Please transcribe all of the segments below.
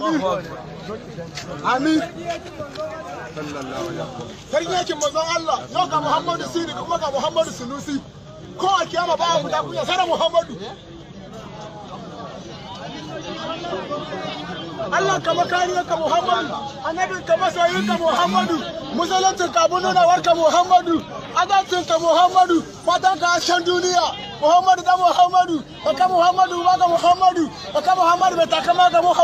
Amin. Sarki yakin manzon Allah, yau ga Muhammadu Sini kuma ga Muhammadu Sunusi. Ko a kiyama ba a guda kunya sanar Muhammadu. Allah ka makariyar ka Muhammadu, annabin ka masoyin ka Muhammadu, musulunci ka abin nunawar ka Muhammadu, adalcin ka Muhammadu, fatan ka shan duniya, Muhammadu da Muhammadu, ka Muhammadu ba ka Muhammadu, ka Muhammadu bai takama ga Muhammadu.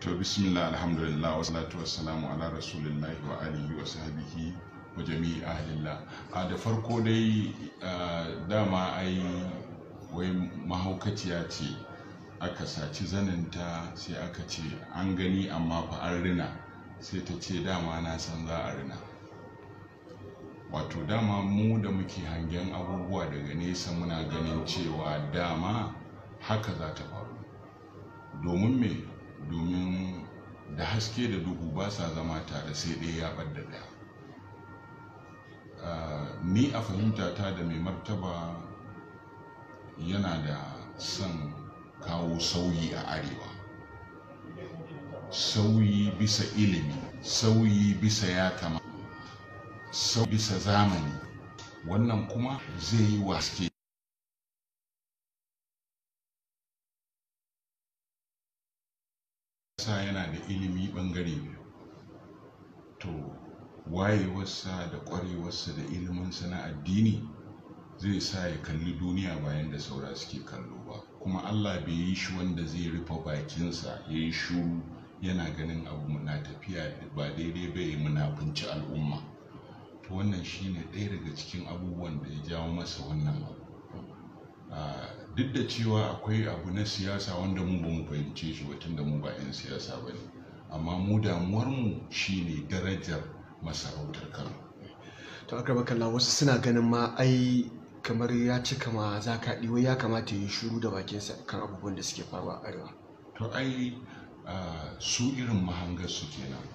to bismillah alhamdulillah wa salatu wa salamu ala rasulillahi wa alihi wa sahbihi wa jami'i ahlillah a da farko dai dama ai wai mahaukaciya ce aka saci zaninta sai aka ce an gani amma fa an rina sai ta ce dama na san za a rina wato dama mu da muke hangen abubuwa daga nesa muna ganin cewa dama haka za ta faru domin me domin da haske da duhu ba sa zama tare sai ɗaya ya ɓadda ɗaya ni a fahimta ta da mai martaba yana da son kawo sauyi a arewa sauyi bisa ilimi sauyi bisa ya kama sauyi bisa zamani wannan kuma zai yi waske sa yana da ilimi ɓangare biyu to wayewarsa da ƙwarewarsa da iliminsa na addini zai sa ya kalli duniya bayan da saura suke kallo ba kuma allah bai yi shi wanda zai rufe bakinsa ya yi shuru yana ganin abu muna tafiya ba daidai ba ya munafunci al'umma to wannan shine ɗaya daga cikin abubuwan da ya jawo masa wannan abu duk da cewa akwai abu na siyasa wanda mu bamu mu fahimce shi ba tunda mu ba 'yan siyasa ba ne amma mu damuwar mu shine darajar masarautar kano to akraba kalla wasu suna ganin ma ai kamar ya ci kama za ka wai ya kamata ya yi shiru da bakinsa kan abubuwan da suke faruwa arewa to ai su irin mahangar su kenan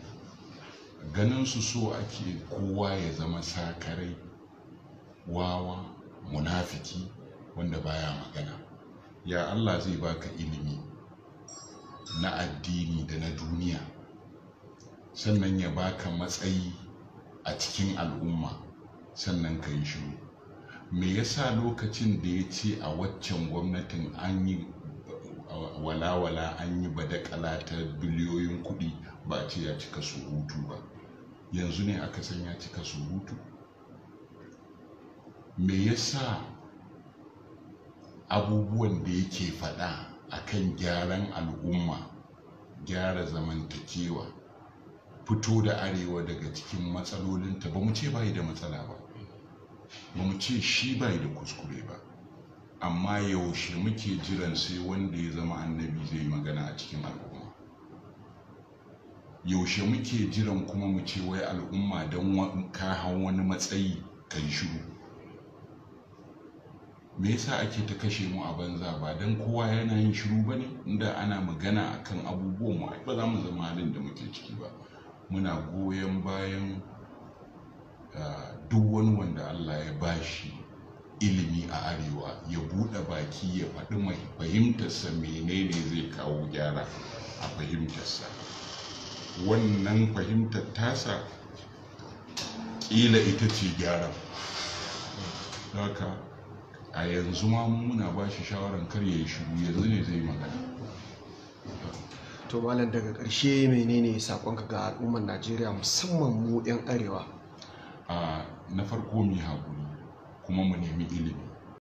ganin su so ake kowa ya zama sakarai wawa munafiki wanda baya magana ya Allah zai baka ilimi na addini da na duniya sannan ya baka matsayi a cikin al'umma sannan ka yi shiru me yasa lokacin da ya ce a waccan gwamnatin an yi walawala an yi badakala ta biliyoyin kuɗi ba ce ya cika surutu ba yanzu ne aka san ya cika surutu me yasa abubuwan da yake faɗa a kan gyaran al'umma gyara zamantakewa fito da arewa daga cikin matsalolinta ba mu ce bai da matsala ba ba mu ce shi bai da kuskure ba amma yaushe muke jiran sai wanda ya zama annabi zai magana a cikin al'umma yaushe muke jiran kuma mu ce wai al'umma don ka wani matsayi kan shiru me yasa ake ta kashe mu a banza ba don kowa yana yin shiru ba ne inda ana magana akan abubuwan mu ba za mu zama halin da muke ciki ba muna goyon bayan ah, duk wani wanda Allah ya ba shi ilimi a arewa ya buɗe baki ya faɗi mai fahimtarsa menene zai kawo gyara a fahimtarsa wannan fahimtar tasa ƙila ita ce gyaran a yanzu ma muna ba shi shawaran kar ya yi shiru yanzu ne zai magana to malam daga ƙarshe menene saƙonka ga al'ummar najeriya musamman mu 'yan arewa na farko mu haƙuri kuma mu nemi ilimi